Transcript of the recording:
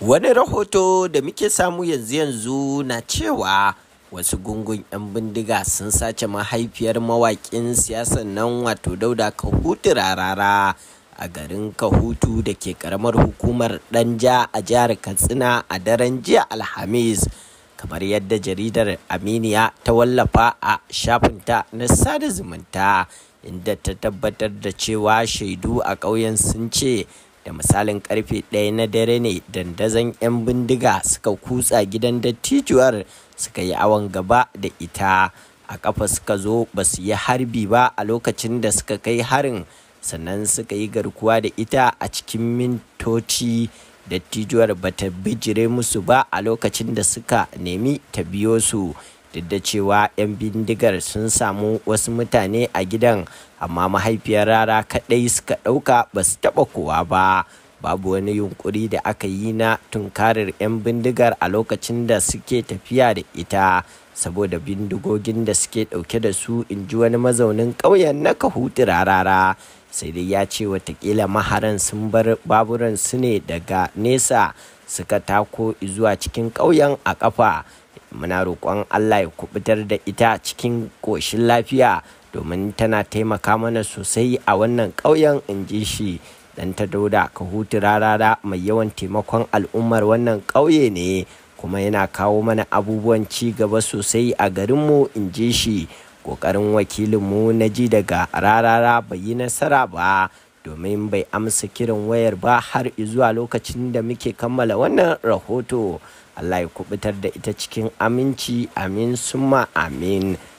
Wani rahoto da muke samu yanzu yanzu na cewa wasu gungun 'yan bindiga sun sace mahaifiyar mawaƙin siyasan nan wato dauda kahutu rarara a garin kahutu da ke karamar hukumar danja a jihar katsina a daren jiya alhamis kamar yadda jaridar aminiya ta wallafa a shafinta na sada zumunta inda ta tabbatar da cewa shaidu a ƙauyen sun ce da misalin karfe ɗaya na dare ne dandazon 'yan bindiga suka kutsa gidan dattijuwar suka yi awon gaba da ita a ƙafa suka zo ba su yi harbi ba a lokacin da suka kai harin sannan suka yi garkuwa da ita a cikin mintoci dattijuwar ba ta bijire musu ba a lokacin da suka nemi ta biyo su duk da cewa 'yan bindigar sun samu wasu mutane a gidan amma mahaifiyar rara kaɗai suka ɗauka ba su taɓa kowa ba babu wani yunkuri da aka yi na tunkarar 'yan bindigar a lokacin da suke tafiya da ita saboda bindigogin da suke ɗauke da su in ji wani mazaunin ƙauyen na kahuti rarara sai dai ya ce watakila maharan sun bar baburan su ne daga nesa suka tako zuwa cikin ƙauyen a ƙafa muna roƙon allah ya kubutar da ita cikin ƙoshin lafiya domin tana taimaka mana sosai a wannan ƙauyen in ji shi dan ta dauda ka hutu rarara mai yawan taimakon al'ummar wannan ƙauye ne kuma yana kawo mana abubuwan ci gaba sosai a garinmu in ji shi ƙoƙarin wakilinmu na ji daga rarara bai yi nasara ba domin bai amsa kiran wayar ba har zuwa lokacin da muke kammala wannan rahoto Allah ya kubutar da ita cikin aminci amin summa amin.